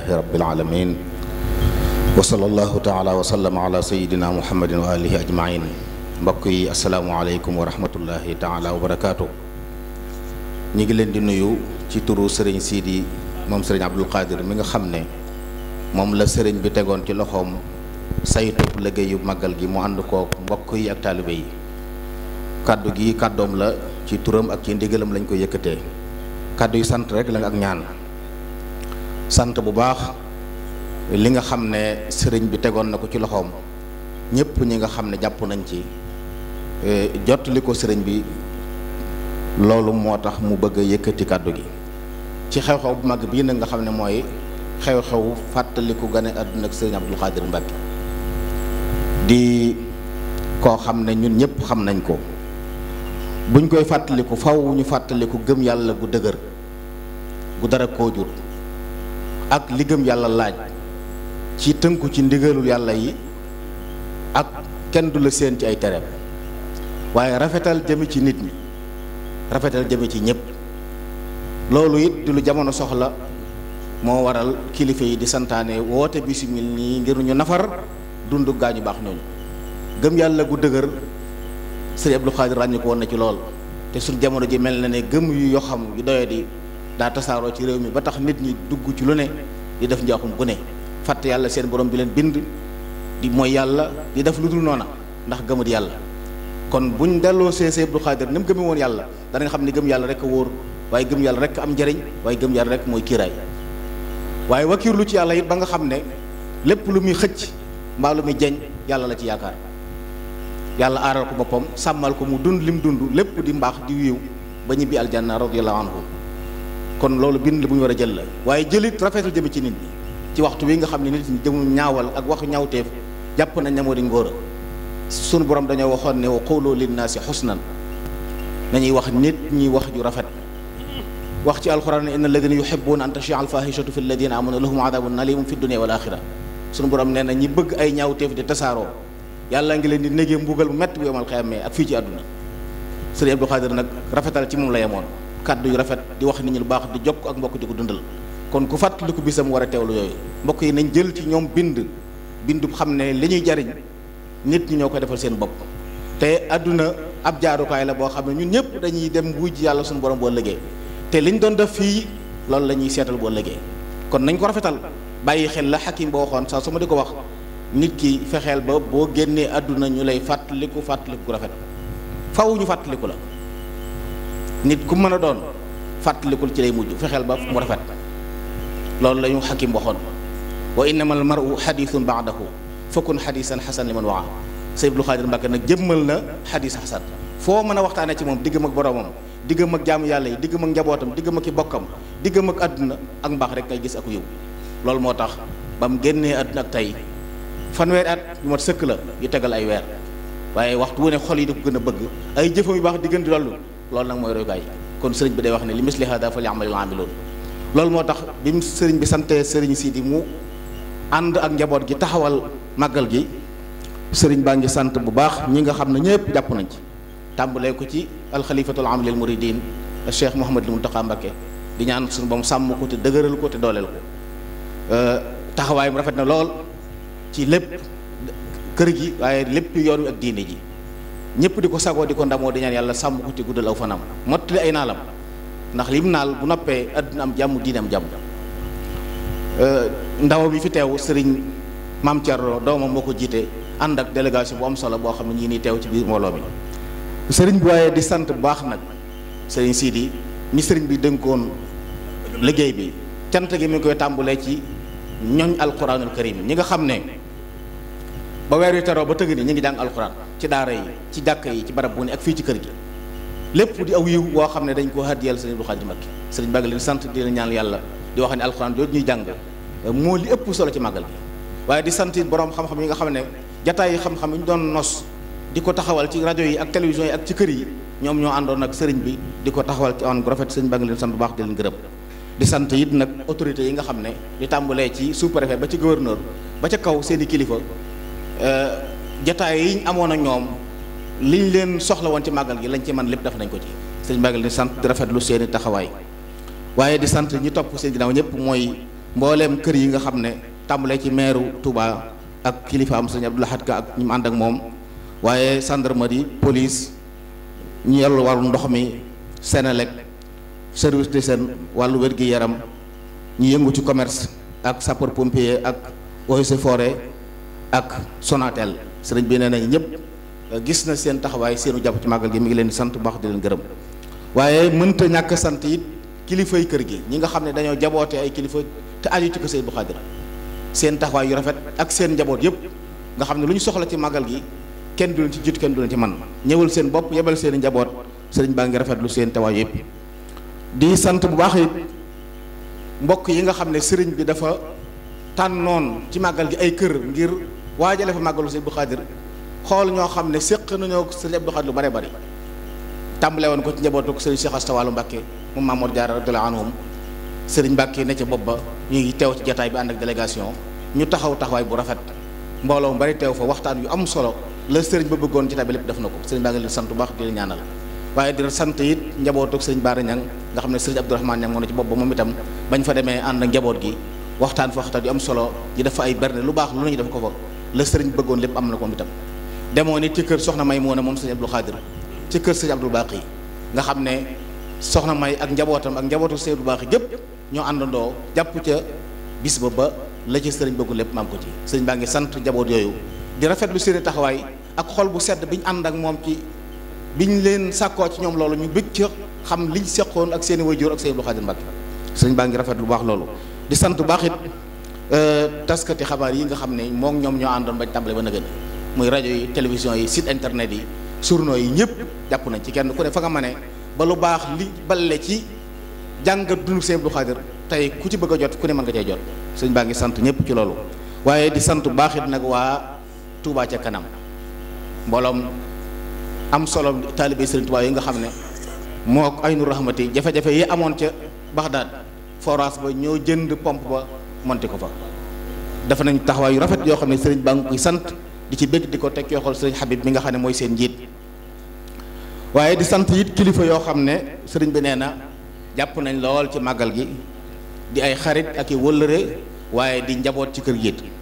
alhamdulilahi rabbil alamin wa sallallahu taala wa sallam ala sayidina muhammadin wa alihi ajmain mbokk yi asalaamualeykum wa rahmatullahi taala wa barakaatu ñu ngi leen di nuyu ci turu sëriñ Sidi moom sëriñ Abdul Qadir mi nga xam ne moom la sëriñ bi tegoon ci loxoom saytu liggéeyu màggal gi mu ànd kook mbokk yi ak taalibe yi kàddu gi kàddoom la ci turam ak ci ndigalam lañ ko yëkkatee kàddu yu sant rek la nga ak ñaan sant bu baax li nga xam ne sëriñ bi tegoon na ko ci loxoom ñëpp ñi nga xam ne jàpp nañ ci eh, jot li ko sëriñ bi loolu moo tax mu bëgg a yëkkati kàddu gi ci xew-xew bu mag bii nag nga xam ne mooy xew-xew fàttaliku gane àdduna ak sëriñ Abdou Khadir Mbacke di koo xam ne ñun ñëpp xam nañ ko buñ koy fàttaliku faw ñu fàttaliku gëm yàlla gu dëgër gu dara koo jur ak li gëm yàlla laaj ci tënku ci ndigalul yàlla yi ak kenn du la séen ci ay tereem waaye rafetal jëme ci nit ñi rafetal jëme ci ñëpp loolu it di lu jamono soxla moo waral kilifa yi di santaane woote bisimil nii ngir ñu nafar dundu gaañu baax ñooñu gëm yàlla gu dëgër sëriñ Abdou Khadre ràññi ko na ci lool te suñ jamono ji mel na ne gëm yu yoo doyadi daa tasaaroo ci réew mi ba tax nit ñi dugg ci lu ne di def njaaxum gu ne fàtte yàlla seen borom bi leen bind di mooy yàlla di def lu dul noona ndax gëmut yàlla kon buñ delloo see see Abdu Xaadir ni mu gëmee woon yàlla danañ xam ne gëm yàlla rek a wóor waaye gëm yàlla rek am njariñ waaye gëm yàlla rek mooy kiiraay waaye lu ci yàlla yit ba nga xam ne lépp lu muy xëcc mbaa lu muy jeñ yàlla la ci yaakaar yàlla aaral ko boppam sàmmal ko mu dund lim dund lépp di mbaax di wiiw ba ñibbi aljanna radiyallahu anhu kon loolu bind bu ñu war a jël la waaye jëlit rafetul jëme ci nit ñi ci waxtu wi nga xam ne nit ñi jëmu ñaawal ak waxu ñaawteef jàpp nañ ne moo di ngóor a sunu borom dañoo waxoon ne wa qulu linnaasi xusnan nañuy wax nit ñi wax ju rafet wax ci alquran ne inna alladina yuhibbuna an tashia alfahishatu fi alladina amanu lahum adabun alimum nee na ñi bëgg ay ñaawteef di tasaaroo yàlla ngi leen di négee mbugal bu métti bu yomal xiyamee ak fii ci àdduna sëriñ Abdou Xaadir nag rafetal ci moom la yemoon kàddu yu rafet di wax nit ñi lu baax di jokk ak mbokk di ko dundal kon ku fàttaliku bisam war a teewlu yooyu mbokk yi nañ jël ci ñoom bind bindu xam ne li ñuy jariñ nit ñi ñoo koy defal seen bopp te àdduna ab jaarukaay la boo xam ne ñun ñëpp dañuy dem wujj yàlla suñu borom boo liggéey te li liñ doon def fii loolu la ñuy seetal boo liggéey kon nañ ko rafetal bàyyi xel la xakim boo waxoon saa su ma di ko wax nit ki fexeel ba boo génnee àdduna ñu lay fàttaliku fàttaliku rafet faw ñu fàttaliku la nit ku mën a doon fàttalikul ci lay mujj fexeel ba mu rafet loolu la ñu xakim waxoon wa innama al maru xadiisun baadahu fakun xadiisan xasan li man waxa Sëñ Abdul Xaadir nag jëmmal na xadiis xasan foo mën a waxtaane ci moom diggam ak boroomam diggam ak jaamu yàlla yi diggam ak njabootam diggam ak i bokkam diggam ak àdduna ak mbaax rek ngay gis ak yow loolu moo tax ba mu génnee àdduna ak tey fanweeri at yu mat sëkk la yu tegal ay weer waaye waxtu wu ne xol yi da ko gën a bëgg ay jëfam yu baax di gën di loolu nag mooy royukaay kon sëriñ bi day wax ne li misli hada falyamalil aamiluun loolu moo tax bi mu sëriñ bi santee sëriñ di mu ànd ak njaboot gi taxawal màggal gi sëriñ baa ngi sant bu baax ñi nga xam ne ñëpp jàpp nañ ci tàmbalee ko ci alxalifatul am lil muridin cheikh Mouhamadul Mountakha Mbacké di ñaan suñu ba mu sàmm ko te dëgëral ko te dooleel ko euh, taxawaayam rafet na lool ci lépp kër gi waaye lépp yoon wi ak diine ji ñëpp di ko sagoo di ko ndamoo di ñaan yàlla sàmm ko ci guddal aw fanam mottali ay naalam ndax lim naal bu noppee àddina am jàmm diine am jàmm euh, ndaw bi fi teew sëriñ maam Thierno doomam moo ko jiite ànd ak délégation bu am solo boo xam ne ñii nii teew ci biir mbooloo mi sëriñ bi waaye di sant bu baax nag sëriñ Sidi mi sëriñ bi dénkoon liggéey bi cant gi mi ngi koy tàmbulee ci ñoñ alquranul karim ñi nga xam ne ba weer wi teroo ba tëgg ni ñu ngi jàng alquran. ci daara yi ci jàkka yi ci barab bu ne ak fii ci kër gi lépp di aw yiw woo xam ne dañ ko haddiyal sëriñ Abdou Khadre Mbacké sëriñ bàgg leen sant di leen ñaan yàlla di wax ne alxuraan jooju ñuy jàng moo li ëpp solo ci màggal gi waaye di sant borom xam-xam yi nga xam ne jataay yi xam-xam yi ñu doon nos di ko taxawal ci rajo yi ak télévision yi ak ci kër yi ñoom ñoo àndoon ak sëriñ bi di ko taxawal ci on rafet sëriñ bàgg leen sant bu baax di leen gërëm di sant it nag autorités yi nga xam ne di tàmbulee ci sous-préfet ba ci gouverneur ba ca kaw seeni kilifa euh, jataay yi ñu amoon ak ñoom liñ leen soxla woon ci màggal gi lañ ci man lépp def nañ ko ci sëñ màggal di sant di rafetlu seeni taxawaay waaye di sant ñi topp seen ginnaaw ñëpp mooy mbooleem kër yi nga xam ne tàmbalee ci meeru Touba ak kilifa am sëñ Abdou Lahad ak ñi mu ànd moom waaye gendarmerie police ñu yor wàllu ndox mi Sénélec service de seen wàllu wér-gi-yaram ñu yëngu ci commerce ak sapeur pompier ak eaux forêt ak Sonatel sëriñ bi nee na ñëpp gis na seen taxawaay seenu jàpp ci màggal gi mi ngi leen di sant bu baax di leen gërëm waaye mënta ñàkk sant it kilifay kër gi ñi nga xam ne dañoo jabootee ay kilifa te aju ci ko Sëriñ Abdou Khadr seen taxawaay yu rafet ak seen njaboot yëpp nga xam ne lu ñu soxla ci màggal gi kenn du leen ci jiitu kenn du leen ci man ñëwul seen bopp yebal seen njaboot sëriñ baa ngi rafetlu seen tawaay yëpp di sant bu baax it mbokk yi nga xam ne sëriñ bi dafa tànnoon ci màggal gi ay kër ngir waajale fa màggalu sëñ bu Khadir xool ñoo xam ne séq nañoo sëñ Abdou Khadir lu bare bari tàmbale woon ko ci njabootu sëriñ Cheikh Asta Walo Mbacke mu Mamour Diarra radiyallahu anhum sëriñ Mbacke ne ca bopp ba ñu ngi teew ci jataay bi ànd ñu taxaw taxawaay bu rafet mbooloo mu bari teew fa waxtaan yu am solo la sëriñ ba bëggoon ci tabi lépp def na ko sëriñ baa ngi leen sant bu baax di leen ñaanal waaye di sant it njabootu sëriñ Baara Ñang nga xam ne sëriñ Abdourahmane Ñang moo ne ci bopp ba moom itam bañ fa demee ànd njaboot gi waxtaan fa waxtaan yu am solo ñu def fa ay lu baax lu ñu def ko fa la sëriñ bëggoon lépp am na ko moom itam demoo ni ci kër soxna may moo ne moom sëriñ Abdou Khadir ci kër sëriñ baax yi nga xam ne soxna may ak njabootam ak njabootu sëriñ Abdou Baqi gépp ñoo àndandoo jàpp ca bis ba ba la ci sëriñ bëggoon lépp maam ko ci sëriñ baa ngi sant njaboot yooyu di rafetlu seeni taxawaay ak xol bu sedd bi ñu ànd ak moom ci biñ leen sàkkoo ci ñoom loolu ñu bëgg ci xam liñ seqoon ak seen i wayjur ak sëriñ Abdou Khadir mbag sëriñ baa ngi rafet lu baax loolu di sant bu baax Euh, taskati xabaar yi nga xam ne moom ñoom ñoo àndoon bañ tàmbale ba nëgën muy rajo yi télévision yi site internet yi surno yi ñëpp jàpp nañ ci kenn ku ne fa nga ma ne ba lu baax li bale ci jàngat dundu seen bu xaadir tey ku ci bëgg a jot ku ne mën nga cee jot sëñ baa ngi sant ñëpp ci loolu waaye di sant baaxit nag waa tuubaa ca kanam mbooloom am solo taalibe Sëriñ Touba yi nga xam ne moo ay nu jafe-jafe yi amoon ca Baxdaad forage ba ñoo jënd pompe ba monte ko fa dafa nañ taxawaay yu rafet yoo xam ne sëriñ baa ngi sant di ci bëgg di ko teg yoo xool sëriñ Habib mi nga xam ne mooy seen njiit waaye di sant it kilifa yoo xam ne sëriñ bi nee na jàpp nañ lool ci màggal gi di ay xarit ak i wëllëre waaye di njaboot ci kër gi it